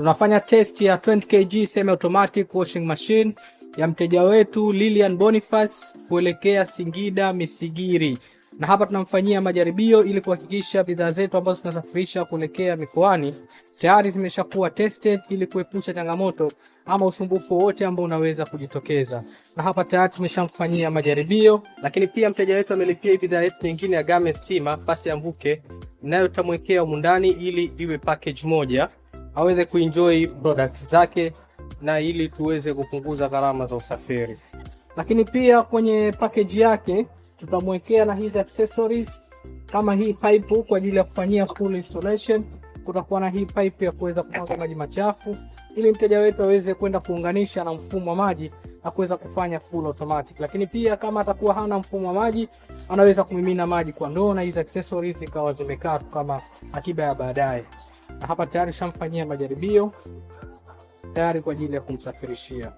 Tunafanya test ya 20 kg semi automatic washing machine ya mteja wetu Lilian Boniface kuelekea Singida Misigiri, na hapa tunamfanyia majaribio ili kuhakikisha bidhaa zetu ambazo tunasafirisha kuelekea mikoani tayari zimeshakuwa tested ili kuepusha changamoto ama usumbufu wote ambao unaweza kujitokeza. Na hapa tayari tumeshamfanyia majaribio, lakini pia mteja wetu amelipia bidhaa yetu nyingine ya game stima pasi ya mvuke, nayo tutamwekea humu ndani ili iwe package moja aweze kuenjoy products zake, na ili tuweze kupunguza gharama za usafiri. Lakini pia kwenye package yake tutamwekea na hizi accessories kama hii pipe kwa ajili ya kufanyia full installation. Kutakuwa na hii pipe ya kuweza kumwaga maji machafu ili mteja wetu aweze kwenda kuunganisha na mfumo wa maji na kuweza kufanya full automatic. Lakini pia kama atakuwa hana mfumo wa maji, anaweza kumimina maji kwa ndoo, na hizi accessories zikawa zimekaa kama akiba ya baadaye na hapa tayari shamfanyia majaribio tayari kwa ajili ya kumsafirishia.